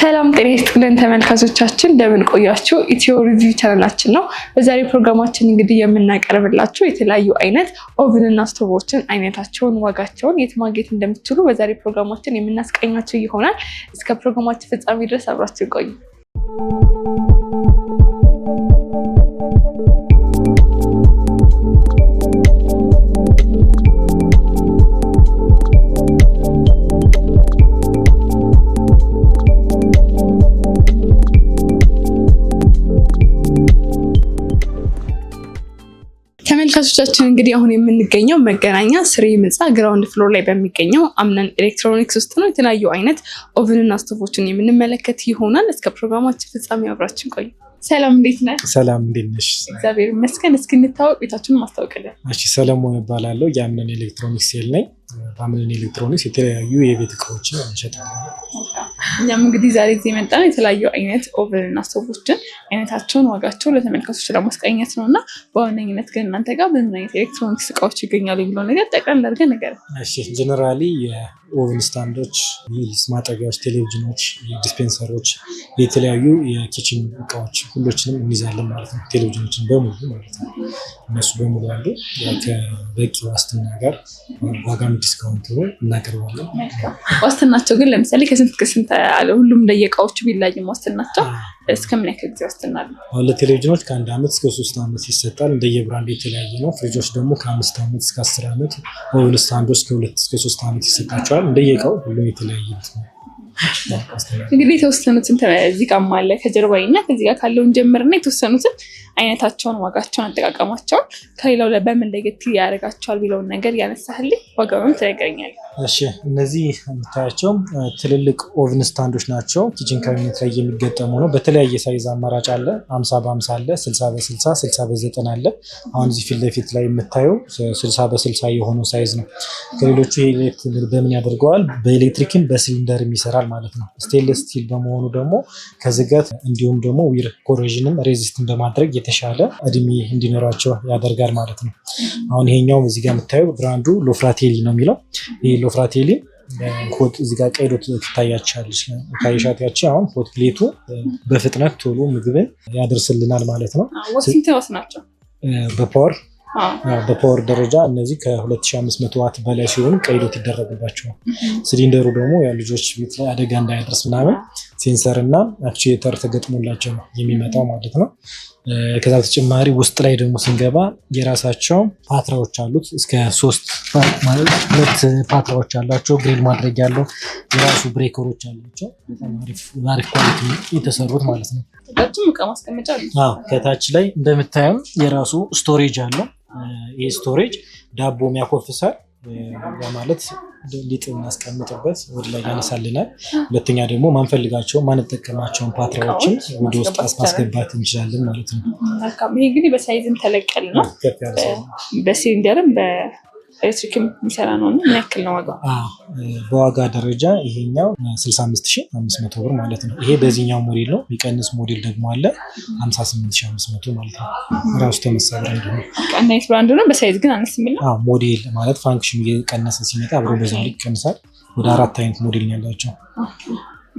ሰላም ጤና ይስጥልን ተመልካቾቻችን፣ እንደምን ቆያችሁ? ኢትዮ ሪቪው ቻናላችን ነው። በዛሬ ፕሮግራማችን እንግዲህ የምናቀርብላችሁ የተለያዩ አይነት ኦቭን እና ስቶቮችን አይነታቸውን፣ ዋጋቸውን፣ የት ማግኘት እንደምትችሉ በዛሬ ፕሮግራማችን የምናስቀኛቸው ይሆናል። እስከ ፕሮግራማችን ፍጻሜ ድረስ አብራችሁ ቆዩ። ተመልካቾቻችን እንግዲህ አሁን የምንገኘው መገናኛ ስሪ ምጻ ግራውንድ ፍሎር ላይ በሚገኘው አምነን ኤሌክትሮኒክስ ውስጥ ነው። የተለያዩ አይነት ኦቨንና ስቶቮችን የምንመለከት ይሆናል። እስከ ፕሮግራማችን ፍጻሜ አብራችን ቆዩ። ሰላም እንዴት ነህ? ሰላም እንዴት ነሽ? እግዚአብሔር ይመስገን። እስክንታወቅ ቤታችን ማስታወቅልን። እሺ፣ ሰለሞን እባላለሁ። የአምነን ኤሌክትሮኒክስ ሴል ነኝ። በአምነን ኤሌክትሮኒክስ የተለያዩ የቤት እቃዎችን እንሸጣለን። እኛም እንግዲህ ዛሬ እዚህ የመጣን የተለያዩ አይነት ኦቨል እና ስቶቮችን አይነታቸውን፣ ዋጋቸው ለተመልካቾች ለማስቀኘት ነው እና በዋነኝነት ግን እናንተ ጋር በምን አይነት ኤሌክትሮኒክስ እቃዎች ይገኛሉ የሚለው ነገር ጠቅለል አድርገን ነገር ጀነራሊ የኦቨን ስታንዶች፣ ማጠቢያዎች፣ ቴሌቪዥኖች፣ ዲስፔንሰሮች፣ የተለያዩ የኪችን እቃዎች ሁሎችንም እንይዛለን ማለት ነው። ቴሌቪዥኖችን በሙሉ ማለት ነው። እነሱ በሙሉ ያሉ ከበቂ ዋስትና ጋር ዋጋም ዲስካውንት እናቀርባለን። ዋስትናቸው ግን ለምሳሌ ከስንት ከስንት አለ። ሁሉም ለየእቃዎቹ ቢለያይም ዋስትናቸው ምን ያክል ጊዜ ዋስትና አለ? አሁን ለቴሌቪዥኖች ከአንድ ዓመት እስከ ሶስት ዓመት ይሰጣል። እንደየብራንድ የተለያየ ነው። ፍሪጆች ደግሞ ከአምስት ዓመት እስከ አስር ዓመት ሞብል ስታንዶች ከሁለት እስከ ሶስት ዓመት ይሰጣቸዋል። እንደየእቃው ሁሉም የተለያየ ነው። እንግዲህ የተወሰኑትን እዚህ ጋር አለ ከጀርባዬ እና ከዚህ ጋር ካለውን ጀምርና የተወሰኑትን አይነታቸውን፣ ዋጋቸውን፣ አጠቃቀማቸውን ከሌላው በምን ለየት ያደርጋቸዋል ቢለውን ነገር ያነሳህልኝ ዋጋውን ትነግረኛለህ። እሺ እነዚህ የምታያቸው ትልልቅ ኦቭን ስታንዶች ናቸው። ኪችን ካቢኔት ላይ የሚገጠሙ ነው። በተለያየ ሳይዝ አማራጭ አለ። አምሳ በአምሳ አለ፣ ስልሳ በስልሳ ስልሳ በዘጠና አለ። አሁን እዚህ ፊት ለፊት ላይ የምታየው ስልሳ በስልሳ የሆነው ሳይዝ ነው። ከሌሎቹ በምን ያደርገዋል? በኤሌክትሪክም በሲሊንደርም ይሰራል ማለት ነው። ስቴንለስ ስቲል በመሆኑ ደግሞ ከዝገት እንዲሁም ደግሞ ዊር ኮሮዥንም ሬዚስትን በማድረግ የተሻለ እድሜ እንዲኖራቸው ያደርጋል ማለት ነው። አሁን ይሄኛውም ጋር የምታዩ ብራንዱ ሎፍራቴሊ ነው የሚለው ይህ ሎፍራቴሊ ሆት እዚህ ጋር ቀይ ዶት ትታያቻለች ካየሻት ያቺ አሁን ሆት ፕሌቱ በፍጥነት ቶሎ ምግብን ያደርስልናል ማለት ነው። ናቸው በፓወር በፓወር ደረጃ እነዚህ ከ2500 ዋት በላይ ሲሆኑ ቀይዶት ይደረግባቸዋል። ሲሊንደሩ ደግሞ ያ ልጆች ቤት ላይ አደጋ እንዳያደርስ ምናምን ሴንሰር እና አክቹዌተር ተገጥሞላቸው ነው የሚመጣው ማለት ነው። ከዛ በተጨማሪ ውስጥ ላይ ደግሞ ስንገባ የራሳቸው ፓትራዎች አሉት። እስከ ሶስት ሁለት ፓትራዎች አሏቸው። ግሪል ማድረግ ያለው የራሱ ብሬከሮች አሏቸው። አሪፍ ኳሊቲ የተሰሩት ማለት ነው። ከታች ላይ እንደምታየም የራሱ ስቶሬጅ አለው። ይህ ስቶሬጅ ዳቦ የሚያኮፍሳል ማለት ሊጥ እናስቀምጥበት ወደ ላይ ያነሳልናል። ሁለተኛ ደግሞ ማንፈልጋቸው ማንጠቀማቸውን ፓትራዎችን ወደ ውስጥ ማስገባት እንችላለን ማለት ነው። ይህ እንግዲህ በሳይዝም ተለቀል ነው በሲሊንደርም ኤሌክትሪክ የሚሰራ ነው እና ምን ያክል ነው ዋጋ? በዋጋ ደረጃ ይሄኛው 65500 ብር ማለት ነው። ይሄ በዚህኛው ሞዴል ነው። የሚቀንስ ሞዴል ደግሞ አለ 58500 ማለት ነው። ራሱ ተመሳሳይ ብራንድ ነው። ቀናይት ብራንድ ነው። በሳይዝ ግን አነስ የሚል ነው። ሞዴል ማለት ፋንክሽን እየቀነሰ ሲመጣ አብሮ በዛ ላይ ይቀንሳል። ወደ አራት አይነት ሞዴል ነው ያላቸው።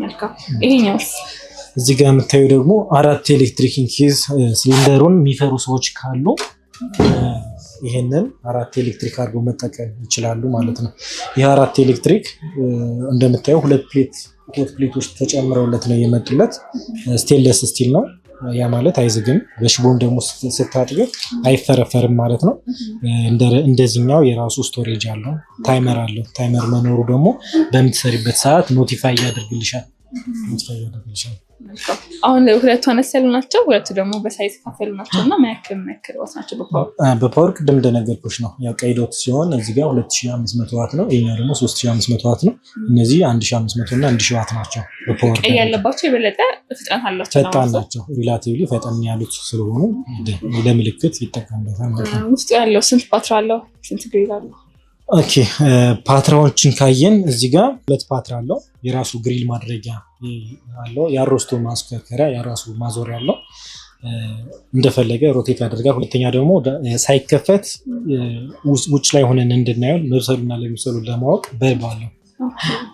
መልካም ይሄኛውስ እዚህ ጋር የምታዩ ደግሞ አራት ኤሌክትሪክ ኪዝ ሲሊንደሩን የሚፈሩ ሰዎች ካሉ ይሄንን አራት ኤሌክትሪክ አድርገው መጠቀም ይችላሉ ማለት ነው። ይህ አራት ኤሌክትሪክ እንደምታየው ሁለት ፕሌት ሁለት ፕሌቶች ተጨምረውለት ነው የመጡለት። ስቴንለስ ስቲል ነው። ያ ማለት አይዝግም። በሽቦም ደግሞ ስታጥገው አይፈረፈርም ማለት ነው። እንደዚህኛው የራሱ ስቶሬጅ አለው፣ ታይመር አለው። ታይመር መኖሩ ደግሞ በምትሰሪበት ሰዓት ኖቲፋይ ያደርግልሻል ኖቲፋይ ያደርግልሻል። አሁን ሁለቱ አነስ ያሉ ናቸው፣ ሁለቱ ደግሞ በሳይዝ ካፈሉ ናቸው እና ማያክል ማያክል ዋት ናቸው። በፓወር ቅድም እንደነገርኩሽ ነው ያው ቀይ ዶት ሲሆን እዚህ ጋር 2500 ዋት ነው፣ ይሄኛው ደግሞ 3500 ዋት ነው። እነዚህ 1500 እና 1000 ዋት ናቸው። በፓወር ቀይ ያለባቸው የበለጠ ፍጥነት አላቸው፣ ፈጣን ናቸው። ሪላቲቭሊ ፈጠን ያሉት ስለሆኑ ለምልክት ይጠቀምበታል ማለት ነው። ውስጡ ያለው ስንት ባትሪ አለው? ስንት ግሪድ አለው? ኦኬ ፓትራዎችን ካየን እዚህ ጋር ሁለት ፓትራ አለው። የራሱ ግሪል ማድረጊያ አለው። የአሮስቶ ማስከከሪያ የራሱ ማዞሪያ አለው። እንደፈለገ ሮቴት ያደርጋል። ሁለተኛ ደግሞ ሳይከፈት ውጭ ላይ ሆነን እንድናየው መብሰሉና ለሚሰሉ ለማወቅ በልብ አለው።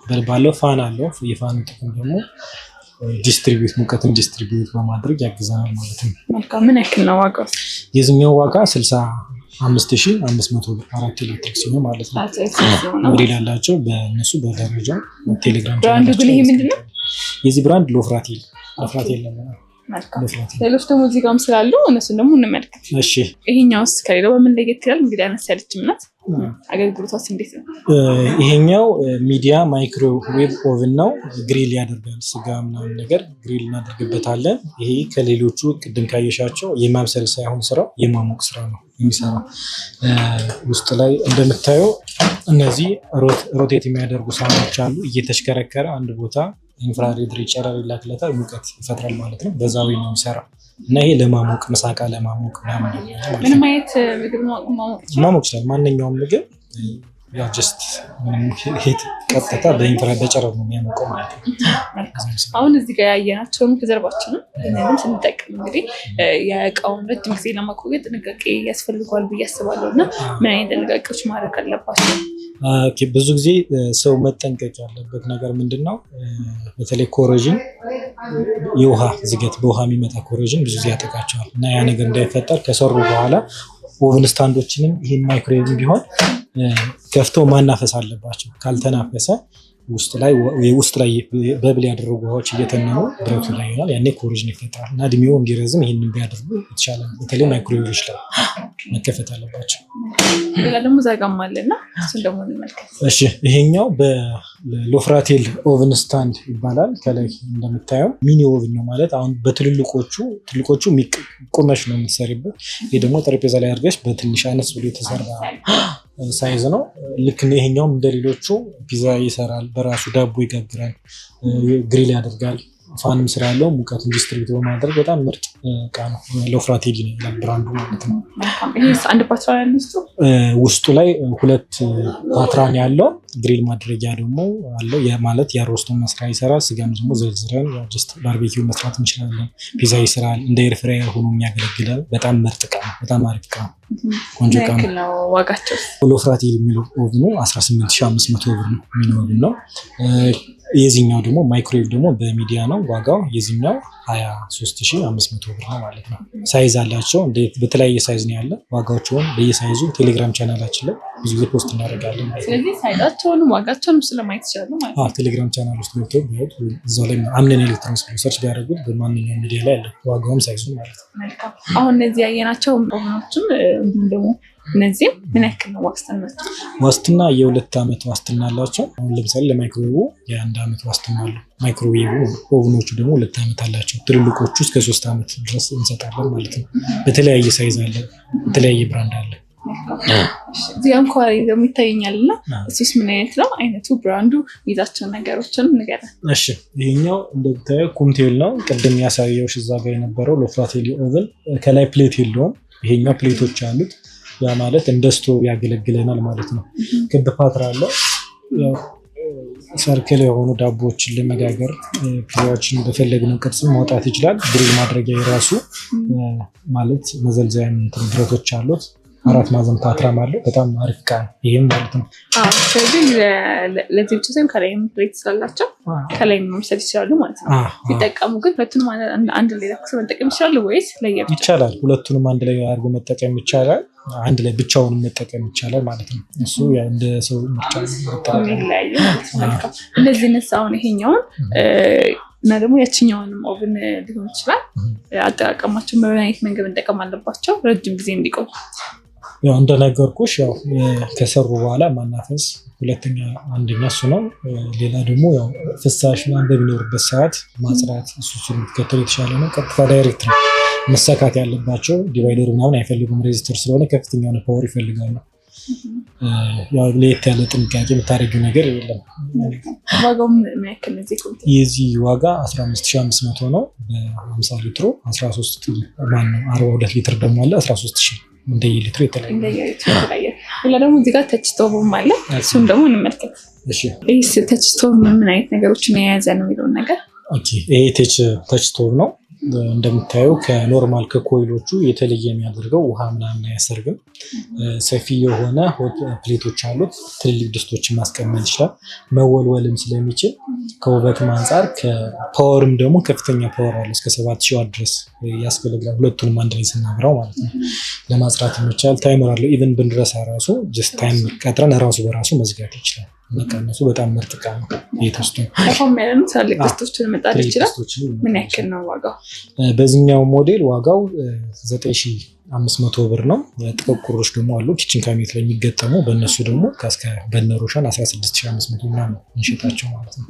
በልብ አለው። ፋን አለው። የፋን ጥቅም ደግሞ ዲስትሪቢዩት ሙቀትን ዲስትሪቢዩት በማድረግ ያግዛናል ማለት ነው። ምን ያክል ነው ዋጋ? የዚህኛው ዋጋ ስልሳ አምስት ሺ አምስት መቶ አራት ኤሌክትሪክ ሲሆን ማለት ነው። ሞዴል ያላቸው በእነሱ በደረጃ ቴሌግራም ብራንድ ግን ይሄ ምንድን ነው? የዚህ ብራንድ ሎፍራቴል ሎፍራቴል ነው። ሌሎች ደግሞ እዚህ ጋም ስላሉ እነሱን ደግሞ እንመልከት። ይሄኛውስ ከሌላው በምን ለየት ይላል? እንግዲህ አነስ ያለች ናት። አገልግሎቷስ እንዴት ነው? ይሄኛው ሚዲያ ማይክሮዌቭ ኦቭን ነው። ግሪል ያደርጋል። ስጋ ምናምን ነገር ግሪል እናደርግበታለን። ይሄ ከሌሎቹ ቅድም ካየሻቸው የማብሰል ሳይሆን ስራው የማሞቅ ስራ ነው የሚሰራው። ውስጥ ላይ እንደምታየው እነዚህ ሮቴት የሚያደርጉ ሳህኖች አሉ። እየተሽከረከረ አንድ ቦታ ኢንፍራሬድ ጨረር ይላክለታል፣ ሙቀት ይፈጥራል ማለት ነው። በዛዊ ነው የሚሰራ እና ይሄ ለማሞቅ ምሳቃ ለማሞቅ ነው። ምንም አይነት ምግብ ማሞቅ ይችላል። ማንኛውም ምግብ ያው ጀስት ሄት ቀጥታ በኢንፍራ በጨረር ነው የሚያሞቀው ማለት ነው። አሁን እዚህ ጋር ያየናቸውም ከጀርባችንም ምንም ስንጠቀም እንግዲህ የእቃውን ረጅም ጊዜ ለማቆየት ጥንቃቄ ያስፈልገዋል ብዬ አስባለሁ እና ምን አይነት ጥንቃቄዎች ማድረግ አለባቸው? ብዙ ጊዜ ሰው መጠንቀቅ ያለበት ነገር ምንድን ነው? በተለይ ኮረዥን የውሃ ዝገት በውሃ የሚመጣ ኮረዥን ብዙ ጊዜ ያጠቃቸዋል እና ያ ነገር እንዳይፈጠር ከሰሩ በኋላ ኦቭን ስታንዶችንም ይህን ማይክሮዌቭ ቢሆን ከፍተው ማናፈስ አለባቸው። ካልተናፈሰ ውስጥ ላይ ውስጥ ላይ በብል ያደረጉ ውሃዎች እየተነኑ ብረቱ ላይ ይሆናል። ያኔ ኮሮዥን ይፈጠራል እና እድሜው እንዲረዝም ይህንን ቢያደርጉ ይቻላል። በተለይ ማይክሮዌቮች ላይ መከፈት አለባቸው። ሌላ ደግሞ አለና እሱን ደግሞ እንመልከት። እሺ ይሄኛው በሎፍራቴል ኦቭን ስታንድ ይባላል። ከላይ እንደምታየው ሚኒ ኦቭን ነው ማለት አሁን በትልልቆቹ ትልቆቹ ቁመሽ ነው የምትሰሪበት። ይህ ደግሞ ጠረጴዛ ላይ አድርገሽ በትንሽ አነስ ብሎ የተሰራ ሳይዝ ነው። ልክ ይሄኛውም እንደሌሎቹ ፒዛ ይሰራል፣ በራሱ ዳቦ ይጋግራል፣ ግሪል ያደርጋል ፋንም ያለው ሙቀቱን ዲስትሪቢዩት በማድረግ በጣም ምርጥ እቃ ነው። ለፍራቴጂ ነው ብራንዱ ማለት ነው። አንድ ፓትራን ውስጡ ላይ ሁለት ፓትራን ያለው ግሪል ማድረጊያ ደግሞ አለው ማለት የሮስቶን መስሪያ ይሰራል። ስጋም ደግሞ ዘርዝረን ባርቤኪው መስራት እንችላለን። ፒዛ ይሰራል። እንደ ኤር ሆኖ የሚያገለግላል። በጣም ምርጥ እቃ ነው። በጣም አሪፍ እቃ ነው። ቆንጆ እቃ ነው። ዋጋቸው ሎፍራቴሊ የሚለው ኦቭኑ 18500 ብር ነው የሚኖሩ ነው የዚህኛው ደግሞ ማይክሮዌቭ ደግሞ በሚዲያ ነው ዋጋው። የዚኛው 23500 ብር ነው ማለት ነው። ሳይዝ አላቸው በተለያየ ሳይዝ ነው ያለ። ዋጋዎቸውን በየሳይዙ ቴሌግራም ቻናላችን ላይ ብዙ ጊዜ ፖስት እናደርጋለን ቴሌግራም ቻናል ውስጥ ገብተው እዛ ላይ አምነን ኤሌክትሮኒክስ ሰርች ቢያደርጉት በማንኛውም ሚዲያ ላይ አለ ዋጋውም ሳይዙ ማለት ነው። አሁን እነዚህ ያየናቸው ኦቨኖችም እንዲሁም ደግሞ እነዚህም ምን ያክል ነው ዋስትና? ዋስትና የሁለት ዓመት ዋስትና አላቸው። አሁን ለምሳሌ ለማይክሮዌቡ የአንድ ዓመት ዋስትና አለ ማይክሮዌቡ ኦቭኖቹ ደግሞ ሁለት ዓመት አላቸው። ትልልቆቹ እስከ ሶስት ዓመት ድረስ እንሰጣለን ማለት ነው። በተለያየ ሳይዝ አለ፣ በተለያየ ብራንድ አለ። እዚያም አንኳሪ ደግሞ ይታየኛል እና እሱስ ምን አይነት ነው? አይነቱ፣ ብራንዱ፣ ይዛቸውን ነገሮችን ንገረ። እሺ ይሄኛው እንደምታየው ኩምቴል ነው። ቅድም ያሳየውሽ እዛ ጋር የነበረው ሎፍራቴሊ ኦቨን ከላይ ፕሌት የለውም። ይሄኛው ፕሌቶች አሉት ያ ማለት እንደ ስቶቭ ያገለግለናል ማለት ነው። ክብ ፓትራ አለው። ሰርክል የሆኑ ዳቦዎችን ለመጋገር ፒዛዎችን በፈለግነው ቅርጽ ማውጣት ይችላል። ግሪል ማድረጊያ የራሱ ማለት መዘልዘያ ብረቶች አሉት። አራት ማዕዘን ፓትራም አለው። በጣም አሪፍ እቃ ነው ይህም ማለት ነው። ስለዚህ ለዚህ ብቻ ሳይሆን ከላይ ሬት ስላላቸው ከላይ መምሰል ይችላሉ ማለት ነው። ሲጠቀሙ ግን ሁለቱንም አንድ ላይ ለኩስ መጠቀም ይችላሉ ወይስ ለየብቻ ይቻላል? ሁለቱንም አንድ ላይ አድርጎ መጠቀም ይቻላል። አንድ ላይ ብቻውንም መጠቀም ይቻላል ማለት ነው። እሱ እንደ ሰው ምርጫ የሚለያየ ማለት ነሳ አሁን ይሄኛውን እና ደግሞ ያችኛውንም ኦቭን ሊሆን ይችላል። አጠቃቀማቸው በምን አይነት መንገድ መጠቀም አለባቸው ረጅም ጊዜ እንዲቆይ ያው እንደነገርኩሽ ያው ከሰሩ በኋላ ማናፈስ ሁለተኛ አንደኛ እሱ ነው። ሌላ ደግሞ ያው ፍሳሽ ምናምን በሚኖርበት ሰዓት ማጽዳት እሱ የሚከተል የተሻለ ነው። ቀጥታ ዳይሬክት ነው መሰካት ያለባቸው። ዲቫይደር ምናምን አይፈልጉም። ሬዚስተር ስለሆነ ከፍተኛ የሆነ ፓወር ይፈልጋሉ። ለየት ያለ ጥንቃቄ የምታደርጊው ነገር የለም። የዚህ ዋጋ 15500 ነው በ50 ሊትሩ 13 ማነው 42 ሊትር ደግሞ አለ 13 ሺህ እንደየሊትሩ የተለያየ ሌላ ደግሞ እዚህ ጋር ተች ስቶቭም አለ። እሱም ደግሞ እንመልከት። ይህ ተች ስቶቭ ምን አይነት ነገሮችን የያዘ ነው የሚለውን ነገር ይሄ ተች ስቶቭ ነው። እንደምታየው ከኖርማል ከኮይሎቹ የተለየ የሚያደርገው ውሃ ምናምን አያሰርግም። ሰፊ የሆነ ፕሌቶች አሉት። ትልልቅ ድስቶችን ማስቀመጥ ይችላል። መወልወልም ስለሚችል ከውበትም አንጻር ከፓወርም ደግሞ ከፍተኛ ፓወር አለ። እስከ ሰባት ሺ ድረስ ያስገለግላል። ሁለቱንም አንድ ላይ ስናብረው ማለት ነው ለማጽራት ይመቻል። ታይመር አለው። ኢቨን ብንረሳ ራሱ ጀስት ታይም ቀጥረን ራሱ በራሱ መዝጋት ይችላል። መቀነሱ በጣም ምርጥ እቃ ነው። ቤት ውስጥ ምን ያክል ነው ዋጋው? በዚህኛው ሞዴል ዋጋው ዘጠኝ ሺህ አምስት መቶ ብር ነው። ጥቁር ቁሮች ደግሞ አሉ ኪችን ካቢኔት ላይ የሚገጠሙ በእነሱ ደግሞ ከእስከ በነሮሻን 16500 ምናምን ነው እንሸጣቸው ማለት ነው።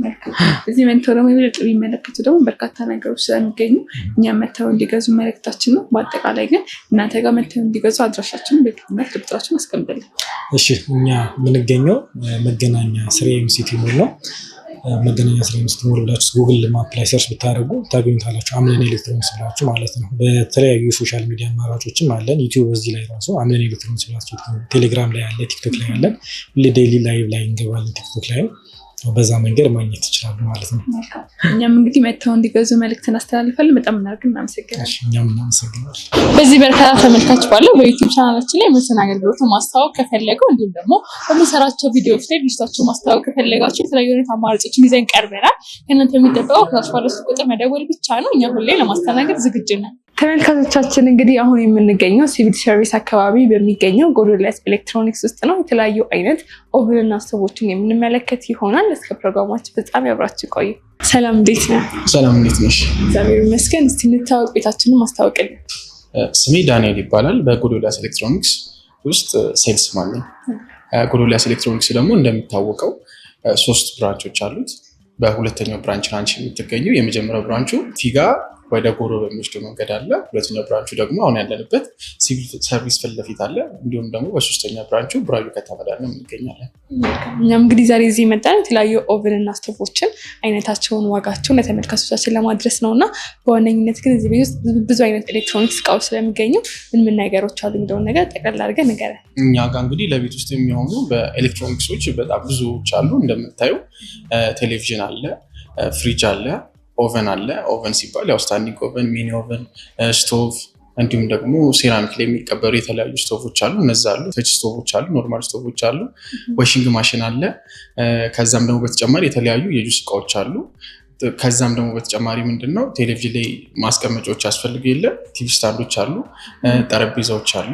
እዚህ መጥተው ደግሞ የበለጠ ቢመለከቱ ደግሞ በርካታ ነገሮች ስለሚገኙ እኛ መተው እንዲገዙ መልእክታችን ነው። በአጠቃላይ ግን እናንተ ጋር መተው እንዲገዙ አድራሻችን በቅድመት ልብጣችን አስቀምጠልን። እሺ እኛ የምንገኘው መገናኛ ስሬ ኤምሲቲ ሞል ነው። መገናኛ ስራ ሚኒስትር ወልዳችሁ ጉግል ማፕ ላይ ሰርች ብታደርጉ ታገኙታላችሁ። አምለን ኤሌክትሮኒክስ ብላችሁ ማለት ነው። በተለያዩ ሶሻል ሚዲያ አማራጮችም አለን። ዩቲዩብ እዚህ ላይ ራሱ አምለን ኤሌክትሮኒክስ ብላችሁ ቴሌግራም ላይ አለ፣ ቲክቶክ ላይ አለን። ሁሌ ዴይሊ ላይቭ ላይ እንገባለን ቲክቶክ ላይ በዛ መንገድ ማግኘት ይችላሉ ማለት ነው። እኛም እንግዲህ መጥተው እንዲገዙ መልዕክት እናስተላልፋለን። በጣም እናርግ እናመሰግናለን። እኛም እናመሰግናለን። በዚህ በርካታ ተመልካች ባለው በዩቱብ ቻናላችን ላይ መሰን አገልግሎት ማስታወቅ ከፈለገው እንዲሁም ደግሞ በምንሰራቸው ቪዲዮዎች ላይ ድርጅታቸው ማስታወቅ ከፈለጋቸው የተለያዩ አይነት አማራጮችን ይዘን ቀርበናል። ከእናንተ የሚጠበቀው ከታች ባለው ቁጥር መደወል ብቻ ነው። እኛ ሁሌ ለማስተናገድ ዝግጁ ነን። ተመልካቾቻችን እንግዲህ አሁን የምንገኘው ሲቪል ሰርቪስ አካባቢ በሚገኘው ጎዶልያስ ኤሌክትሮኒክስ ውስጥ ነው። የተለያዩ አይነት ኦቭንና ስቶቮችን የምንመለከት ይሆናል። እስከ ፕሮግራማችን ፍጻሜ አብራችሁ ቆዩ። ሰላም፣ እንዴት ነው? ሰላም፣ እንዴት ነሽ? እግዚአብሔር ይመስገን። እስቲ እንታወቅ፣ ቤታችንን ማስታወቅልን። ስሜ ዳንኤል ይባላል። በጎዶልያስ ኤሌክትሮኒክስ ውስጥ ሴልስ ማን ጎዶልያስ ኤሌክትሮኒክስ ደግሞ እንደሚታወቀው ሶስት ብራንቾች አሉት። በሁለተኛው ብራንች ራንች የምትገኘው የመጀመሪያው ብራንቹ ፊጋ ወደ ጎሮ በሚወስደው መንገድ አለ። ሁለተኛ ብራንቹ ደግሞ አሁን ያለንበት ሲቪል ሰርቪስ ፊት ለፊት አለ። እንዲሁም ደግሞ በሶስተኛ ብራንቹ ቡራዩ ከተማ ላይ እንገኛለን። እኛም እንግዲህ ዛሬ እዚህ መጣን የተለያዩ ኦቨን እና ስቶቮችን አይነታቸውን፣ ዋጋቸውን ለተመልካቾቻችን ለማድረስ ነው እና በዋነኝነት ግን እዚህ ቤት ውስጥ ብዙ አይነት ኤሌክትሮኒክስ እቃዎች ስለሚገኙ ምን ምን ነገሮች አሉ የሚለውን ነገር ጠቅላላ አድርገን ንገረን። እኛ ጋር እንግዲህ ለቤት ውስጥ የሚሆኑ በኤሌክትሮኒክሶች በጣም ብዙዎች አሉ። እንደምታዩ ቴሌቪዥን አለ፣ ፍሪጅ አለ ኦቨን አለ። ኦቨን ሲባል ያው ስታንዲንግ ኦቨን፣ ሚኒ ኦቨን፣ ስቶቭ እንዲሁም ደግሞ ሴራሚክ ላይ የሚቀበሩ የተለያዩ ስቶቮች አሉ። እነዛ አሉ፣ ተች ስቶቮች አሉ፣ ኖርማል ስቶቮች አሉ፣ ዋሽንግ ማሽን አለ። ከዛም ደግሞ በተጨማሪ የተለያዩ የጁስ እቃዎች አሉ። ከዛም ደግሞ በተጨማሪ ምንድን ነው ቴሌቪዥን ላይ ማስቀመጫዎች ያስፈልግ የለ ቲቪ ስታንዶች አሉ፣ ጠረጴዛዎች አሉ።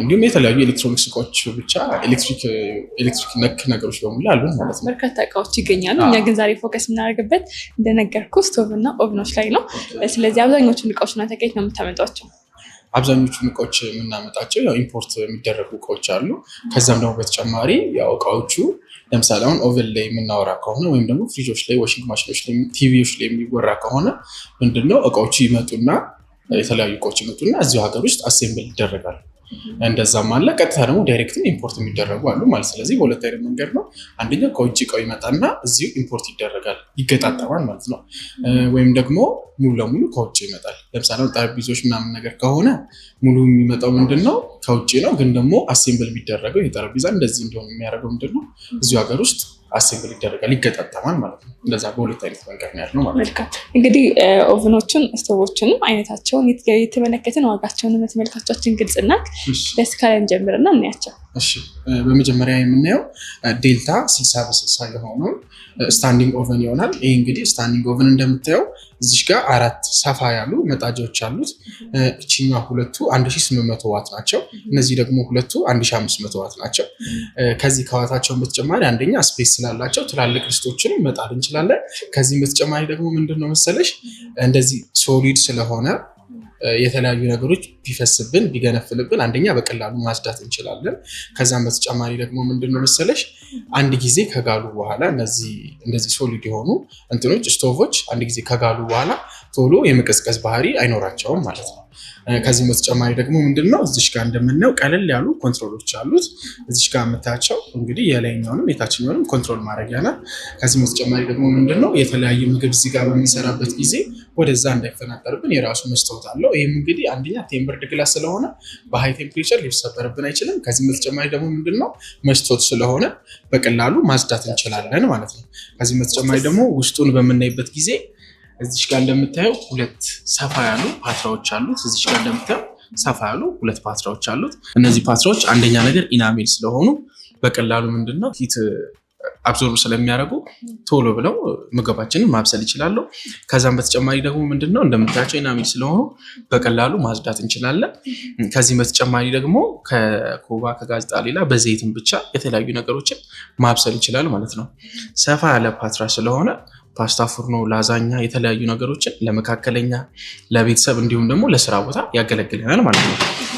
እንዲሁም የተለያዩ ኤሌክትሮኒክስ እቃዎች ብቻ ኤሌክትሪክ ነክ ነገሮች በሙሉ አሉ ማለት ነው። በርካታ እቃዎች ይገኛሉ። እኛ ግን ዛሬ ፎከስ የምናደርግበት እንደነገርኩ ስቶቭ እና ኦቭኖች ላይ ነው። ስለዚህ አብዛኞቹን እቃዎች እናንተ ነው የምታመጧቸው? አብዛኞቹን እቃዎች የምናመጣቸው ያው ኢምፖርት የሚደረጉ እቃዎች አሉ። ከዛም ደግሞ በተጨማሪ ያው እቃዎቹ ለምሳሌ አሁን ኦቨን ላይ የምናወራ ከሆነ ወይም ደግሞ ፍሪጆች ላይ፣ ዋሽንግ ማሽኖች ላይ፣ ቲቪዎች ላይ የሚወራ ከሆነ ምንድነው እቃዎቹ ይመጡና የተለያዩ እቃዎች ይመጡና እዚሁ ሀገር ውስጥ አሴምብል ይደረጋል። እንደዛም አለ። ቀጥታ ደግሞ ዳይሬክትን ኢምፖርት የሚደረጉ አሉ ማለት። ስለዚህ በሁለት አይነት መንገድ ነው። አንደኛው ከውጭ እቃው ይመጣና እዚሁ ኢምፖርት ይደረጋል፣ ይገጣጠማል ማለት ነው። ወይም ደግሞ ሙሉ ለሙሉ ከውጭ ይመጣል። ለምሳሌ ጠረጴዛዎች ምናምን ነገር ከሆነ ሙሉ የሚመጣው ምንድን ነው ከውጭ ነው። ግን ደግሞ አሴምብል የሚደረገው የጠረጴዛ እንደዚህ እንዲሆን የሚያደርገው ምንድን ነው እዚሁ ሀገር ውስጥ አሴምብል ይደረጋል፣ ይገጣጠማል ማለት ነው። እንደዛ በሁለት አይነት መንገድ ነው ያለው ማለት ነው። መልካም እንግዲህ ኦቭኖቹን ስቶቮችንም አይነታቸውን የተመለከትን ዋጋቸውን መመልከቻችን ግልጽና ደስ ካለን ጀምርና እንያቸው እሺ በመጀመሪያ የምናየው ዴልታ በ60 የሆነው ስታንዲንግ ኦቨን ይሆናል። ይህ እንግዲህ ስታንዲንግ ኦቨን እንደምታየው እዚሽ ጋር አራት ሰፋ ያሉ መጣጃዎች አሉት። እችኛ ሁለቱ 1800 ዋት ናቸው። እነዚህ ደግሞ ሁለቱ 1500 ዋት ናቸው። ከዚህ ከዋታቸውን በተጨማሪ አንደኛ ስፔስ ስላላቸው ትላልቅ ድስቶችን መጣል እንችላለን። ከዚህም በተጨማሪ ደግሞ ምንድን ነው መሰለሽ እንደዚህ ሶሊድ ስለሆነ የተለያዩ ነገሮች ቢፈስብን ቢገነፍልብን አንደኛ በቀላሉ ማጽዳት እንችላለን። ከዛም በተጨማሪ ደግሞ ምንድን ነው መሰለሽ አንድ ጊዜ ከጋሉ በኋላ እነዚህ እንደዚህ ሶሊድ የሆኑ እንትኖች ስቶቮች አንድ ጊዜ ከጋሉ በኋላ ቶሎ የመቀዝቀዝ ባህሪ አይኖራቸውም ማለት ነው። ከዚህም በተጨማሪ ደግሞ ምንድነው እዚሽ ጋር እንደምናየው ቀለል ያሉ ኮንትሮሎች አሉት። እዚሽ ጋር የምታያቸው እንግዲህ የላይኛውንም የታችኛውንም ኮንትሮል ማድረጊያ ናት። ከዚህም በተጨማሪ ደግሞ ምንድነው የተለያየ ምግብ እዚህ ጋር በሚሰራበት ጊዜ ወደዛ እንዳይፈናጠርብን የራሱ መስታወት አለው። ይህም እንግዲህ አንደኛ ቴምበርድ ግላስ ስለሆነ በሀይ ቴምፕሬቸር ሊሰበርብን አይችልም። ከዚህም በተጨማሪ ደግሞ ነው መስታወት ስለሆነ በቀላሉ ማጽዳት እንችላለን ማለት ነው። ከዚህም በተጨማሪ ደግሞ ውስጡን በምናይበት ጊዜ እዚች ጋር እንደምታየው ሁለት ሰፋ ያሉ ፓትራዎች አሉት። እዚች ጋር እንደምታየው ሰፋ ያሉ ሁለት ፓትራዎች አሉት። እነዚህ ፓትራዎች አንደኛ ነገር ኢናሜል ስለሆኑ በቀላሉ ምንድነው ሂት አብዞርብ ስለሚያደርጉ ቶሎ ብለው ምግባችንን ማብሰል ይችላሉ። ከዛም በተጨማሪ ደግሞ ምንድነው እንደምታያቸው ኢናሜል ስለሆኑ በቀላሉ ማጽዳት እንችላለን። ከዚህም በተጨማሪ ደግሞ ከኮባ ከጋዜጣ ሌላ በዘይትም ብቻ የተለያዩ ነገሮችን ማብሰል ይችላል ማለት ነው። ሰፋ ያለ ፓትራ ስለሆነ ፓስታ፣ ፉርኖ፣ ላዛኛ የተለያዩ ነገሮችን ለመካከለኛ ለቤተሰብ እንዲሁም ደግሞ ለስራ ቦታ ያገለግለናል ማለት ነው።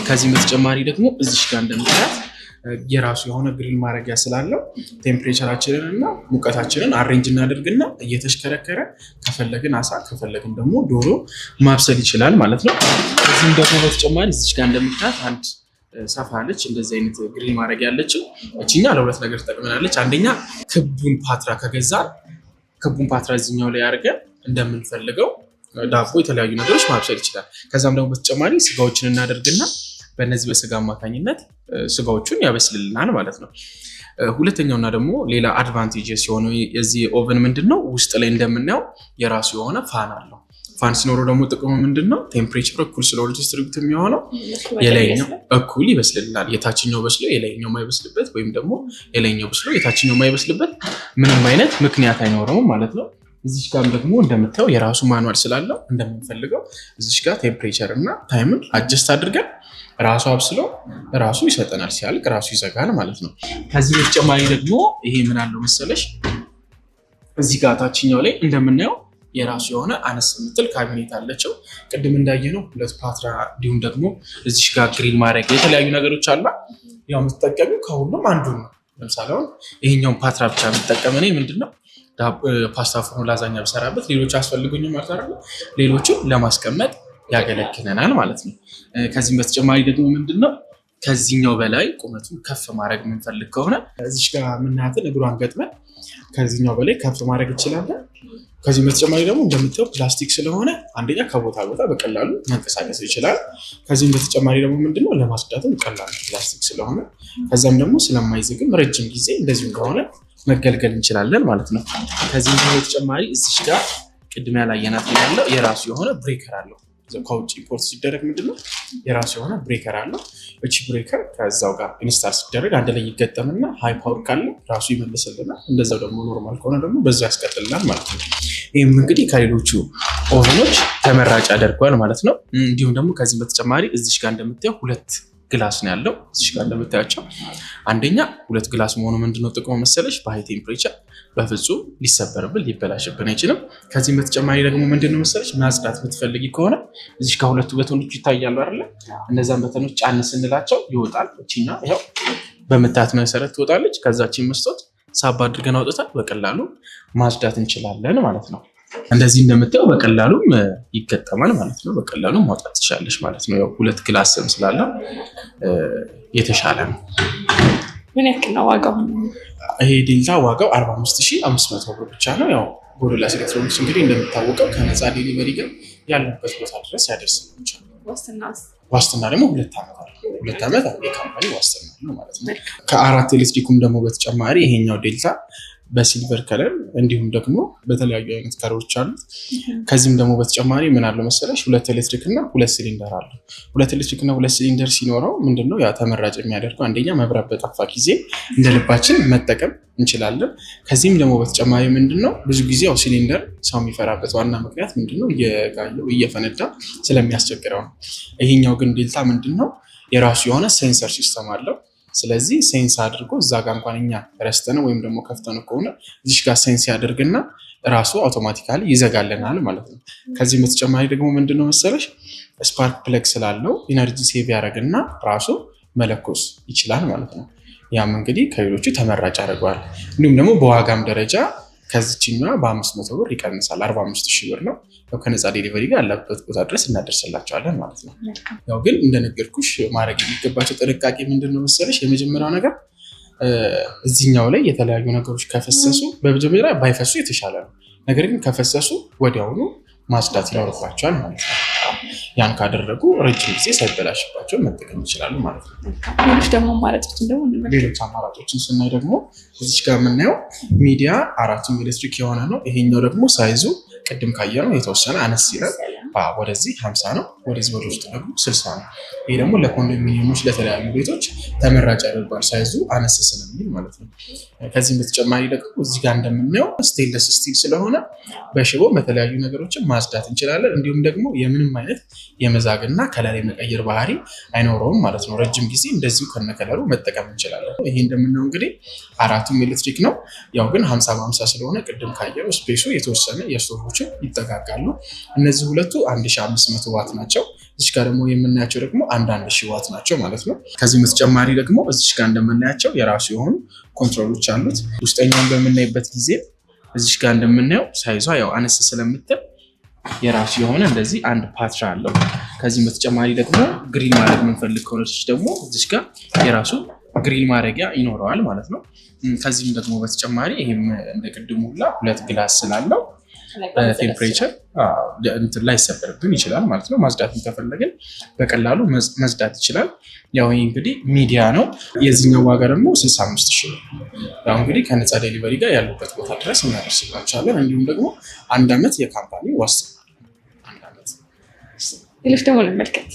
ከዚህም በተጨማሪ ደግሞ እዚሽ ጋር እንደምታያት የራሱ የሆነ ግሪል ማድረጊያ ስላለው ቴምፕሬቸራችንን እና ሙቀታችንን አሬንጅ እናደርግና እየተሽከረከረ ከፈለግን አሳ ከፈለግን ደግሞ ዶሮ ማብሰል ይችላል ማለት ነው። እዚህም ደግሞ በተጨማሪ እዚች ጋር እንደምታያት አንድ ሰፋ ያለች እንደዚህ አይነት ግሪል ማድረጊያ ያለችው እችኛ ለሁለት ነገር ትጠቅመናለች። አንደኛ ክቡን ፓትራ ከገዛ ክቡን ፓትራ እዚኛው ላይ አድርገን እንደምንፈልገው ዳቦ የተለያዩ ነገሮች ማብሰል ይችላል። ከዛም ደግሞ በተጨማሪ ስጋዎችን እናደርግና በእነዚህ በስጋ አማካኝነት ስጋዎቹን ያበስልልናል ማለት ነው። ሁለተኛውና ደግሞ ሌላ አድቫንቴጅ የሆነው የዚህ ኦቨን ምንድን ነው ውስጥ ላይ እንደምናየው የራሱ የሆነ ፋን አለው። ፋን ሲኖረው ደግሞ ጥቅሙ ምንድን ነው? ቴምፕሬቸር እኩል ስለሆነ ዲስትሪቢዩት የሚሆነው የላይኛው እኩል ይበስልልናል። የታችኛው በስሎ የላይኛው የማይበስልበት ወይም ደግሞ የላይኛው በስሎ የታችኛው ማይበስልበት ምንም አይነት ምክንያት አይኖረውም ማለት ነው። እዚች ጋር ደግሞ እንደምታየው የራሱ ማኑዋል ስላለው እንደምንፈልገው እዚች ጋር ቴምፕሬቸር እና ታይምን አጀስት አድርገን ራሱ አብስሎ ራሱ ይሰጠናል። ሲያልቅ ራሱ ይዘጋል ማለት ነው። ከዚህ በተጨማሪ ደግሞ ይሄ ምን አለው መሰለሽ እዚህ ጋር ታችኛው ላይ እንደምናየው የራሱ የሆነ አነስ የምትል ካቢኔት አለችው። ቅድም እንዳየነው ሁለት ፓትራ እንዲሁም ደግሞ እዚህ ጋር ግሪል ማድረግ የተለያዩ ነገሮች አሉ። ያው የምትጠቀሚው ከሁሉም አንዱ ነው። ለምሳሌ አሁን ይሄኛውን ፓትራ ብቻ የምጠቀም እኔ ምንድን ነው ፓስታ ፍኖ ላዛኛ ብሰራበት ሌሎች አስፈልጉኝ ማለት ሌሎችን ለማስቀመጥ ያገለግለናል ማለት ነው። ከዚህም በተጨማሪ ደግሞ ምንድን ነው ከዚህኛው በላይ ቁመቱን ከፍ ማድረግ የምንፈልግ ከሆነ እዚሽ ጋር የምናያትን እግሯን ገጥመን ከዚህኛው በላይ ከፍ ማድረግ ይችላለን። ከዚህ በተጨማሪ ደግሞ እንደምታየው ፕላስቲክ ስለሆነ አንደኛ ከቦታ ቦታ በቀላሉ መንቀሳቀስ ይችላል። ከዚህም በተጨማሪ ደግሞ ምንድነው ለማጽዳትም ቀላል ፕላስቲክ ስለሆነ ከዚያም ደግሞ ስለማይዘግም ረጅም ጊዜ እንደዚሁ እንደሆነ መገልገል እንችላለን ማለት ነው። ከዚህም በተጨማሪ እዚች ጋር ቅድሚያ ላይ የናት ያለው የራሱ የሆነ ብሬከር አለው። ከውጭ ኢምፖርት ሲደረግ ምንድነው የራሱ የሆነ ብሬከር አለው። እቺ ብሬከር ከዛው ጋር ኢንስታል ሲደረግ አንድ ላይ ይገጠምና ሃይ ፓወር ካለ ራሱ ይመልስልናል። እንደዛው ደግሞ ኖርማል ከሆነ ደግሞ በዛው ያስቀጥልናል ማለት ነው። ይህም እንግዲህ ከሌሎቹ ኦቨኖች ተመራጭ ያደርገዋል ማለት ነው። እንዲሁም ደግሞ ከዚህም በተጨማሪ እዚሽ ጋር እንደምታየው ሁለት ግላስ ነው ያለው። እዚሽ ጋር እንደምታያቸው አንደኛ ሁለት ግላስ መሆኑ ምንድነው ጥቅሙ መሰለች በሀይ ቴምፕሬቸር በፍጹም ሊሰበርብን ሊበላሽብን አይችልም። ከዚህም በተጨማሪ ደግሞ ምንድን መሰለች ማጽዳት የምትፈልጊ ከሆነ እዚህ ከሁለቱ በተኖች ይታያሉ አይደለ? እነዛን በተኖች ጫን ስንላቸው ይወጣል። እችኛ ይኸው በምታት መሰረት ትወጣለች። ከዛችን መስቶት ሳባ አድርገን አውጥተን በቀላሉ ማጽዳት እንችላለን ማለት ነው። እንደዚህ እንደምታየው በቀላሉም ይገጠማል ማለት ነው። በቀላሉ ማውጣት ትችላለች ማለት ነው። ያው ሁለት ግላስም ስላለው የተሻለ ነው። ምን ያክል ነው ዋጋው? ይሄ ዴልታ ዋጋው 45500 ብር ብቻ ነው። ያው ጎዶላስ ኤሌክትሮኒክስ እንግዲህ እንደምታወቀው ከነፃ ዴሊቨሪ ግን ያሉበት ቦታ ድረስ ያደርስ ይቻል። ዋስትና ደግሞ ሁለት ዓመት አለ። ሁለት ዓመት የካምፓኒ ዋስትና ነው ማለት ነው። ከአራት ኤሌክትሪኩም ደግሞ በተጨማሪ ይሄኛው ዴልታ በሲልቨር ከለር እንዲሁም ደግሞ በተለያዩ አይነት ከለሮች አሉት። ከዚህም ደግሞ በተጨማሪ ምን አለው መሰለሽ ሁለት ኤሌክትሪክ እና ሁለት ሲሊንደር አለ። ሁለት ኤሌክትሪክ እና ሁለት ሲሊንደር ሲኖረው ምንድነው ያ ተመራጭ የሚያደርገው አንደኛ መብራት በጠፋ ጊዜ እንደ ልባችን መጠቀም እንችላለን። ከዚህም ደግሞ በተጨማሪ ምንድነው ብዙ ጊዜ ያው ሲሊንደር ሰው የሚፈራበት ዋና ምክንያት ምንድነው እየጋየው እየፈነዳ ስለሚያስቸግረው ነው። ይሄኛው ግን ዴልታ ምንድነው የራሱ የሆነ ሴንሰር ሲስተም አለው ስለዚህ ሴንስ አድርጎ እዛ ጋር እንኳን እኛ ረስተን ወይም ደግሞ ከፍተን ከሆነ እዚሽ ጋር ሴንስ ያደርግና ራሱ አውቶማቲካሊ ይዘጋልናል ማለት ነው። ከዚህም በተጨማሪ ደግሞ ምንድነው መሰለሽ ስፓርክ ፕለግ ስላለው ኢነርጂ ሴቭ ያደርግና ራሱ መለኮስ ይችላል ማለት ነው። ያም እንግዲህ ከሌሎቹ ተመራጭ ያደርገዋል። እንዲሁም ደግሞ በዋጋም ደረጃ ከዚችኛዋ በአምስት መቶ ብር ይቀንሳል። አርባ አምስት ሺህ ብር ነው። ያው ከነፃ ዴሊቨሪ ጋር ያለበት ቦታ ድረስ እናደርስላቸዋለን ማለት ነው። ያው ግን እንደነገርኩሽ ማድረግ የሚገባቸው ጥንቃቄ ምንድን ነው መሰለሽ? የመጀመሪያው ነገር እዚህኛው ላይ የተለያዩ ነገሮች ከፈሰሱ በመጀመሪያ ባይፈሱ የተሻለ ነው። ነገር ግን ከፈሰሱ ወዲያውኑ ማጽዳት ይኖርባቸዋል ማለት ነው። ያን ካደረጉ ረጅም ጊዜ ሳይበላሽባቸው መጠቀም ይችላሉ ማለት ነው። ሌሎች ደግሞ አማራጮችን ደግሞ ሌሎች አማራጮችን ስናይ ደግሞ እዚች ጋር የምናየው ሚዲያ አራቱም ኤሌክትሪክ የሆነ ነው። ይሄኛው ደግሞ ሳይዙ ቅድም ካየ ነው የተወሰነ አነስ ይላል። ወደዚህ ሀምሳ ነው፣ ወደዚህ ወደ ውስጥ ደግሞ ስልሳ ነው። ይህ ደግሞ ለኮንዶሚኒየሞች ለተለያዩ ቤቶች ተመራጭ ያደርጓል፣ ሳይዙ አነስ ስለሚል ማለት ነው። ከዚህም በተጨማሪ ደግሞ እዚህ ጋር እንደምናየው ስቴንለስ ስቲል ስለሆነ በሽቦ በተለያዩ ነገሮችን ማጽዳት እንችላለን። እንዲሁም ደግሞ የምንም አይነት የመዛግና ከለር የመቀየር ባህሪ አይኖረውም ማለት ነው። ረጅም ጊዜ እንደዚሁ ከነከለሩ መጠቀም እንችላለን። ይሄ እንደምናየው እንግዲህ አራቱም ኤሌክትሪክ ነው። ያው ግን ሀምሳ በሀምሳ ስለሆነ ቅድም ካየው ስፔሱ የተወሰነ የስቶቮችን ይጠጋጋሉ እነዚህ ሁለቱ 1500 ዋት ናቸው። እዚች ጋር ደግሞ የምናያቸው ደግሞ አንዳንድ ሺ ዋት ናቸው ማለት ነው። ከዚህ በተጨማሪ ደግሞ እዚች ጋር እንደምናያቸው የራሱ የሆኑ ኮንትሮሎች አሉት። ውስጠኛውን በምናይበት ጊዜ እዚች ጋር እንደምናየው ሳይዟ ያው አነስ ስለምትል የራሱ የሆነ እንደዚህ አንድ ፓትራ አለው። ከዚህም በተጨማሪ ደግሞ ግሪን ማድረግ የምንፈልግ ከሆነች ደግሞ እዚች ጋር የራሱ ግሪን ማድረጊያ ይኖረዋል ማለት ነው። ከዚህም ደግሞ በተጨማሪ ይህም እንደ ቅድሙ ሁላ ሁለት ግላስ ስላለው ቴምፕሬቸር እንትን ላይሰበርብን ይችላል ማለት ነው። ማጽዳት ተፈለግን በቀላሉ መጽዳት ይችላል። ያው ይህ እንግዲህ ሚዲያ ነው። የዚህኛው ዋጋ ደግሞ 65 ሺ ነው። ያው እንግዲህ ከነፃ ዴሊቨሪ ጋር ያሉበት ቦታ ድረስ እናደርስላቸዋለን። እንዲሁም ደግሞ አንድ ዓመት የካምፓኒ ዋስትና ሌሎች ደግሞ ለመልከት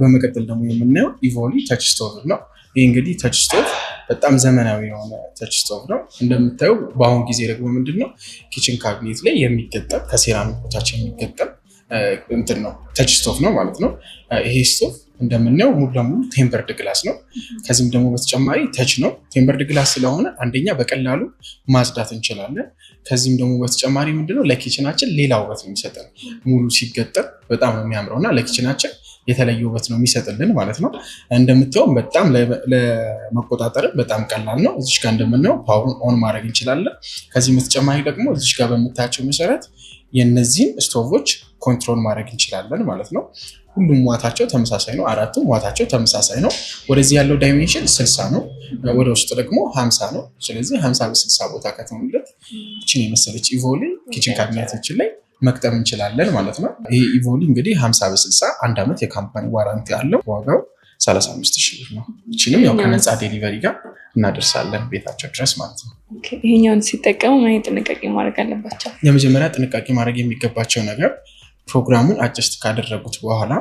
በመቀጠል ደግሞ የምናየው ኢቮሊ ተች ስቶቭ ነው። ይህ እንግዲህ ተች ስቶቭ በጣም ዘመናዊ የሆነ ተች ስቶቭ ነው። እንደምታየው በአሁን ጊዜ ደግሞ ምንድን ነው ኪችን ካቢኔት ላይ የሚገጠም ከሴራሚክ የሚገጠም እንትን ነው ተች ስቶቭ ነው ማለት ነው። ይሄ ስቶቭ እንደምናየው ሙሉ ለሙሉ ቴምበርድ ግላስ ነው። ከዚህም ደግሞ በተጨማሪ ተች ነው። ቴምበርድ ግላስ ስለሆነ አንደኛ በቀላሉ ማጽዳት እንችላለን። ከዚህም ደግሞ በተጨማሪ ምንድነው ለኪችናችን ሌላ ውበት የሚሰጠን ሙሉ ሲገጠም በጣም ነው የሚያምረው እና ለኪችናችን የተለየ ውበት ነው የሚሰጥልን ማለት ነው። እንደምታዩም በጣም ለመቆጣጠርም በጣም ቀላል ነው። እዚሽ ጋር እንደምናየው ፓወሩን ኦን ማድረግ እንችላለን። ከዚህ በተጨማሪ ደግሞ እዚሽ ጋር በምታያቸው መሰረት የነዚህን ስቶቮች ኮንትሮል ማድረግ እንችላለን ማለት ነው። ሁሉም ዋታቸው ተመሳሳይ ነው። አራቱም ዋታቸው ተመሳሳይ ነው። ወደዚህ ያለው ዳይሜንሽን ስልሳ ነው። ወደ ውስጥ ደግሞ ሀምሳ ነው። ስለዚህ ሀምሳ በስልሳ ቦታ ከተሞለት ይችን የመሰለች ኢቮሊ ኪችን ካቢኔቶችን ላይ መቅጠም እንችላለን ማለት ነው። ይሄ ኢቮሊ እንግዲህ 50 በ60 አንድ ዓመት የካምፓኒ ዋራንቲ አለው። ዋጋው 35 ሺህ ብር ነው። ይችንም ያው ከነፃ ዴሊቨሪ ጋር እናደርሳለን ቤታቸው ድረስ ማለት ነው። ይሄኛውን ሲጠቀሙ ምን ጥንቃቄ ማድረግ አለባቸው? የመጀመሪያ ጥንቃቄ ማድረግ የሚገባቸው ነገር ፕሮግራሙን አጭስት ካደረጉት በኋላ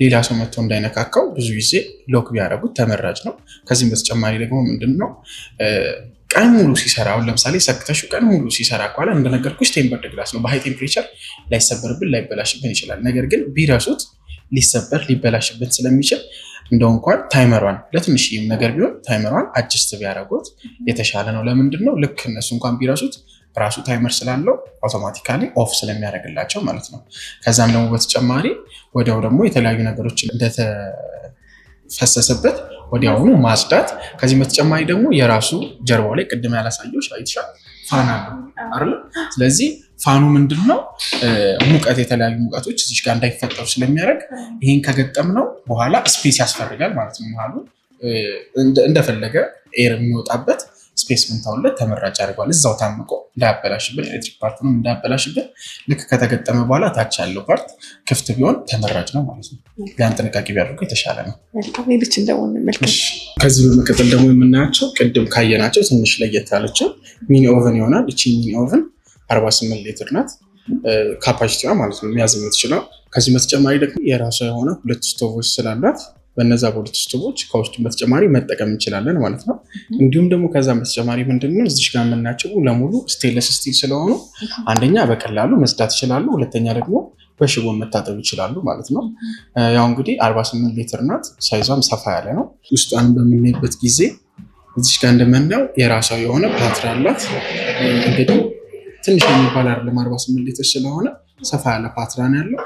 ሌላ ሰው መጥቶ እንዳይነካካው ብዙ ጊዜ ሎክ ቢያደረጉት ተመራጭ ነው። ከዚህም በተጨማሪ ደግሞ ምንድን ነው ቀን ሙሉ ሲሰራ አሁን ለምሳሌ ሰክተሽው ቀን ሙሉ ሲሰራ ከኋላ እንደነገርኩሽ ቴምፐርድ ግላስ ነው። በሀይ ቴምፕሬቸር ላይሰበርብን ላይበላሽብን ይችላል። ነገር ግን ቢረሱት ሊሰበር ሊበላሽብን ስለሚችል እንደው እንኳን ታይመሯን ለትንሽዬም ነገር ቢሆን ታይመሯን አጅስት ቢያደርጉት የተሻለ ነው። ለምንድን ነው ልክ እነሱ እንኳን ቢረሱት ራሱ ታይመር ስላለው አውቶማቲካሊ ኦፍ ስለሚያደርግላቸው ማለት ነው። ከዛም ደግሞ በተጨማሪ ወዲያው ደግሞ የተለያዩ ነገሮች እንደተፈሰሰበት ወዲያውኑ ማጽዳት። ከዚህም በተጨማሪ ደግሞ የራሱ ጀርባው ላይ ቅድም ያላሳየው አይተሻል ፋን አይደል? ስለዚህ ፋኑ ምንድን ነው ሙቀት፣ የተለያዩ ሙቀቶች እዚህ ጋር እንዳይፈጠሩ ስለሚያደርግ ይህን ከገጠም ነው በኋላ ስፔስ ያስፈልጋል ማለት ነው። መሀሉ እንደፈለገ ኤር የሚወጣበት ስፔስ አሁን ተመራጭ አድርጓል። እዛው ታምቆ እንዳያበላሽብን ኤሌክትሪክ ፓርት ነው እንዳያበላሽብን ልክ ከተገጠመ በኋላ ታች ያለው ፓርት ክፍት ቢሆን ተመራጭ ነው ማለት ነው። ያን ጥንቃቄ ቢያደርጉ የተሻለ ነው። ከዚህ በመቀጠል ደግሞ የምናያቸው ቅድም ካየናቸው ትንሽ ለየት ያለችው ሚኒ ኦቨን ይሆናል። እቺ ሚኒ ኦቨን 48 ሊትር ናት ካፓሲቲዋ ማለት ነው፣ መያዝ የምትችለው ከዚህ በተጨማሪ ደግሞ የራሷ የሆነ ሁለት ስቶቮች ስላሏት በነዛ ፖዘቲቭ ከውስጡ በተጨማሪ መጠቀም እንችላለን ማለት ነው። እንዲሁም ደግሞ ከዛም በተጨማሪ ምንድነው እዚሽ ጋር የምናቸው ለሙሉ ስቴንለስ ስቲል ስለሆኑ አንደኛ በቀላሉ መጽዳት ይችላሉ፣ ሁለተኛ ደግሞ በሽቦ መታጠብ ይችላሉ ማለት ነው። ያው እንግዲህ 48 ሊትር ናት። ሳይዟም ሰፋ ያለ ነው። ውስጧን በምናይበት ጊዜ እዚሽ ጋር እንደምናየው የራሷ የሆነ ፓትር አላት። እንግዲህ ትንሽ የሚባል አይደለም 48 ሊትር ስለሆነ ሰፋ ያለ ፓትራ ያለው።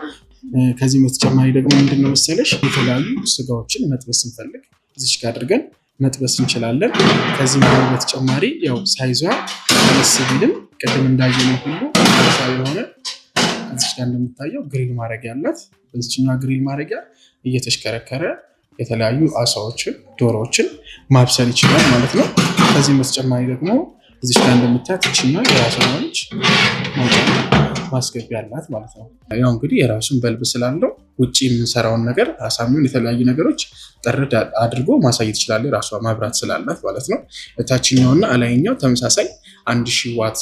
ከዚህም በተጨማሪ ደግሞ ነው መሰለሽ የተለያዩ ስጋዎችን መጥበስ ስንፈልግ እዚች ጋር አድርገን መጥበስ እንችላለን። ከዚህም ጋር በተጨማሪ ያው ሳይዟ አነስ ቢልም ቅድም እንዳየነው ሁሉ ሳ የሆነ እዚች ጋር እንደምታየው ግሪል ማድረጊያ አላት። በዚችኛ ግሪል ማድረጊያ እየተሽከረከረ የተለያዩ አሳዎችን፣ ዶሮዎችን ማብሰል ይችላል ማለት ነው። ከዚህም በተጨማሪ ደግሞ እዚች ጋር እንደምታያት ይችኛዋ የራሷ ሆነች ማስገቢያ አላት ማለት ነው። ያው እንግዲህ የራሱን በልብ ስላለው ውጭ የምንሰራውን ነገር አሳሚውን የተለያዩ ነገሮች ጥርድ አድርጎ ማሳየት ይችላል። የራሷ መብራት ስላላት ማለት ነው። ታችኛውና አላይኛው ተመሳሳይ አንድ ሺህ ዋት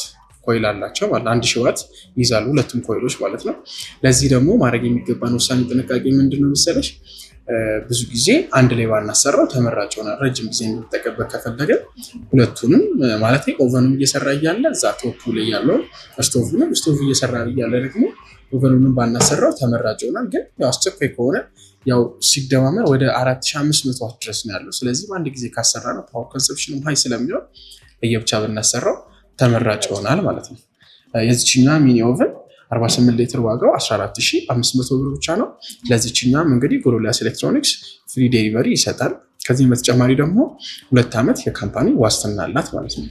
ኮይል አላቸው ማለት አንድ ሺህ ዋት ይይዛሉ ሁለቱም ኮይሎች ማለት ነው። ለዚህ ደግሞ ማድረግ የሚገባን ውሳኔ ጥንቃቄ ምንድን ነው መሰለሽ ብዙ ጊዜ አንድ ላይ ባናሰራው ተመራጭ ይሆናል። ረጅም ጊዜ እንድጠቀበት ከፈለገ ሁለቱንም ማለት ኦቨኑም እየሰራ እያለ እዛ ቶፑ ላይ ያለው ስቶቭ ነው። ስቶቭ እየሰራ እያለ ደግሞ ኦቨኑንም ባናሰራው ተመራጭ ይሆናል። ግን ያው አስቸኳይ ከሆነ ያው ሲደማመር ወደ አራት ሺህ ዋት ድረስ ነው ያለው። ስለዚህ በአንድ ጊዜ ካሰራ ነው ፓወር ኮንሰፕሽንም ሀይ ስለሚሆን ለየብቻ ብናሰራው ተመራጭ ይሆናል ማለት ነው የዚችኛ ሚኒ ኦቨን 48 ሊትር ዋጋው 14500 ብር ብቻ ነው። ለዚችኛም እንግዲህ ጎዶልያስ ኤሌክትሮኒክስ ፍሪ ዴሊቨሪ ይሰጣል። ከዚህም በተጨማሪ ደግሞ ሁለት ዓመት የካምፓኒ ዋስትና አላት ማለት ነው።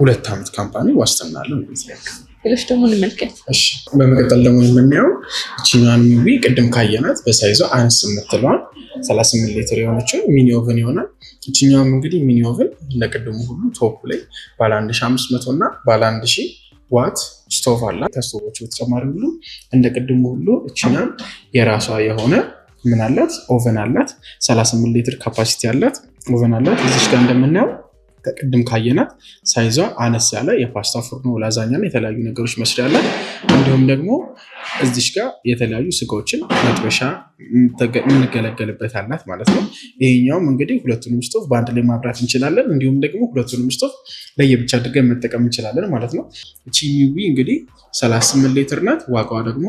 ሁለት ዓመት ካምፓኒ ዋስትና አለው። ሌሎች ደግሞ እንመልከት። በመቀጠል ደግሞ የምናየው እችኛን ሚቢ ቅድም ካየናት በሳይዞ አንስ የምትለዋል 38 ሊትር የሆነችው ሚኒ ኦቨን ይሆናል። እችኛውም እንግዲህ ሚኒ ኦቨን ለቅድሙ ሁሉ ቶፕ ላይ ባለ 1500 እና ባለ 1000 ዋት ስቶቭ አላት። ከስቶቮች በተጨማሪ ሁሉ እንደ ቅድሙ ሁሉ እችኛም የራሷ የሆነ ምን አላት ኦቨን አላት። 38 ሊትር ካፓሲቲ አላት ኦቨን አላት። እዚች ጋር እንደምናየው ቅድም ካየናት ሳይዟ አነስ ያለ የፓስታ ፎርኖ፣ ላዛኛና የተለያዩ ነገሮች መስሪያ እንዲሁም ደግሞ እዚሽ ጋር የተለያዩ ስጋዎችን መጥበሻ እንገለገልበት አላት ማለት ነው። ይሄኛውም እንግዲህ ሁለቱንም ስቶፍ በአንድ ላይ ማብራት እንችላለን። እንዲሁም ደግሞ ሁለቱንም ስቶፍ ለየብቻ አድርገን መጠቀም እንችላለን ማለት ነው። እቺ እንግዲህ 38 ሊትር ናት። ዋጋዋ ደግሞ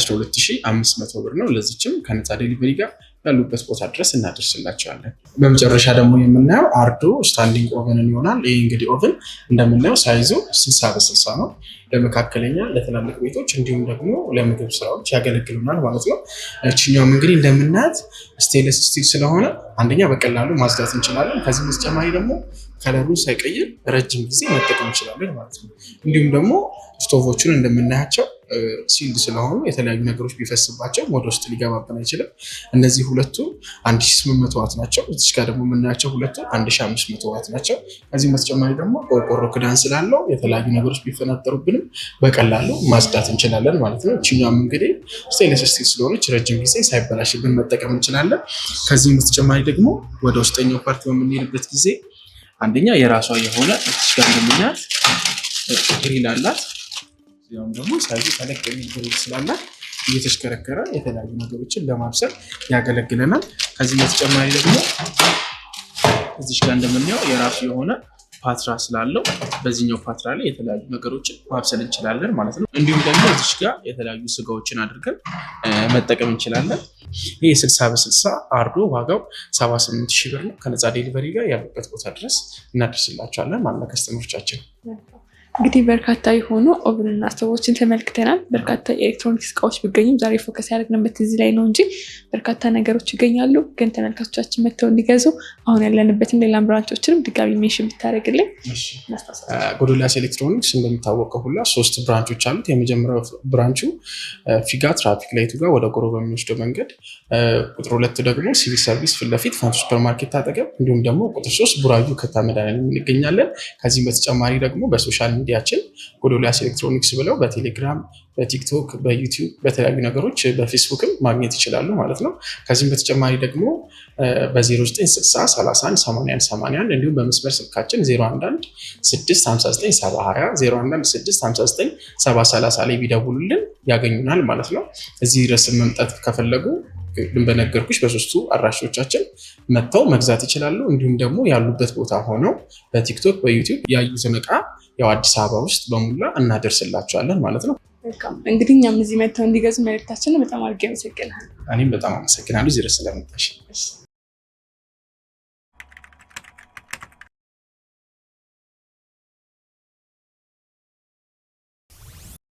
12500 ብር ነው። ለዚችም ከነፃ ዴሊቨሪ ጋር ያሉበት ቦታ ድረስ እናደርስላቸዋለን። በመጨረሻ ደግሞ የምናየው አርዶ ስታንዲንግ ኦቨንን ይሆናል። ይህ እንግዲህ ኦቨን እንደምናየው ሳይዙ ስልሳ በስልሳ ነው። ለመካከለኛ ለትላልቅ ቤቶች እንዲሁም ደግሞ ለምግብ ስራዎች ያገለግሉናል ማለት ነው። እችኛውም እንግዲህ እንደምናያት ስቴንለስ ስቲል ስለሆነ አንደኛ በቀላሉ ማጽዳት እንችላለን። ከዚህ በተጨማሪ ደግሞ ከለሩን ሳይቀይር ረጅም ጊዜ መጠቀም እንችላለን ማለት ነው። እንዲሁም ደግሞ ስቶቮቹን እንደምናያቸው ሲልድ ስለሆኑ የተለያዩ ነገሮች ቢፈስባቸው ወደ ውስጥ ሊገባብን አይችልም። እነዚህ ሁለቱ 1800 ዋት ናቸው። እዚህ ጋር ደግሞ የምናያቸው ሁለቱ 1500 ዋት ናቸው። ከዚህም በተጨማሪ ደግሞ ቆርቆሮ ክዳን ስላለው የተለያዩ ነገሮች ቢፈናጠሩብንም በቀላሉ ማጽዳት እንችላለን ማለት ነው። እችኛም እንግዲህ ስቴንለስ ስቲል ስለሆነች ረጅም ጊዜ ሳይበላሽብን መጠቀም እንችላለን። ከዚህም በተጨማሪ ደግሞ ወደ ውስጠኛው ፓርቲ በምንሄድበት ጊዜ አንደኛ የራሷ የሆነ ጋር ግሪል አላት ያውም ደግሞ ሳይዙ ተለቅ የሚል ስላላት እየተሽከረከረ የተለያዩ ነገሮችን ለማብሰል ያገለግለናል። ከዚህ በተጨማሪ ደግሞ እዚች ጋር እንደምናየው የራሱ የሆነ ፓትራ ስላለው በዚህኛው ፓትራ ላይ የተለያዩ ነገሮችን ማብሰል እንችላለን ማለት ነው። እንዲሁም ደግሞ እዚች ጋር የተለያዩ ስጋዎችን አድርገን መጠቀም እንችላለን። ይህ ስልሳ በስልሳ አርዶ ዋጋው ሰባ ስምንት ሺህ ብር ነው። ከነፃ ዴሊቨሪ ጋር ያሉበት ቦታ ድረስ እናደርስላቸዋለን ማለት ነው ከስተመሮቻችን እንግዲህ በርካታ የሆኑ ኦቭንና ስቶቮችን ተመልክተናል። በርካታ የኤሌክትሮኒክስ እቃዎች ቢገኙም ዛሬ ፎከስ ያደረግንበት እዚህ ላይ ነው እንጂ በርካታ ነገሮች ይገኛሉ። ግን ተመልካቾቻችን መጥተው እንዲገዙ አሁን ያለንበትም ሌላም ብራንቾችንም ድጋሚ ሜሽን ብታደርግልን። ጎዶልያስ ኤሌክትሮኒክስ እንደሚታወቀው ሁላ ሶስት ብራንቾች አሉት። የመጀመሪያው ብራንቹ ፊጋ ትራፊክ ላይቱ ጋር ወደ ጎሮ በሚወስደው መንገድ፣ ቁጥር ሁለት ደግሞ ሲቪል ሰርቪስ ፊት ለፊት ፋንቱ ሱፐርማርኬት አጠገብ፣ እንዲሁም ደግሞ ቁጥር ሶስት ቡራዩ ከተማ እንገኛለን። ከዚህም በተጨማሪ ደግሞ በሶሻል ሚዲያ ሚዲያችን ጎዶልያስ ኤሌክትሮኒክስ ብለው በቴሌግራም፣ በቲክቶክ፣ በዩቲዩብ፣ በተለያዩ ነገሮች በፌስቡክም ማግኘት ይችላሉ ማለት ነው። ከዚህም በተጨማሪ ደግሞ በ0960318181 እንዲሁም በመስመር ስልካችን 011659720 011659730 ላይ ቢደውሉልን ያገኙናል ማለት ነው። እዚህ ድረስ መምጣት ከፈለጉ ቅድም በነገርኩሽ በሶስቱ አድራሾቻችን መጥተው መግዛት ይችላሉ። እንዲሁም ደግሞ ያሉበት ቦታ ሆነው በቲክቶክ በዩቲዩብ ያዩትን ዕቃ ያው አዲስ አበባ ውስጥ በሙላ እናደርስላቸዋለን ማለት ነው። እንግዲህ እኛም እዚህ መጥተው እንዲገዙ መልእክታችን በጣም አድርጌ አመሰግናለሁ። እኔም በጣም አመሰግናለሁ እዚህ ስለመጣሽ።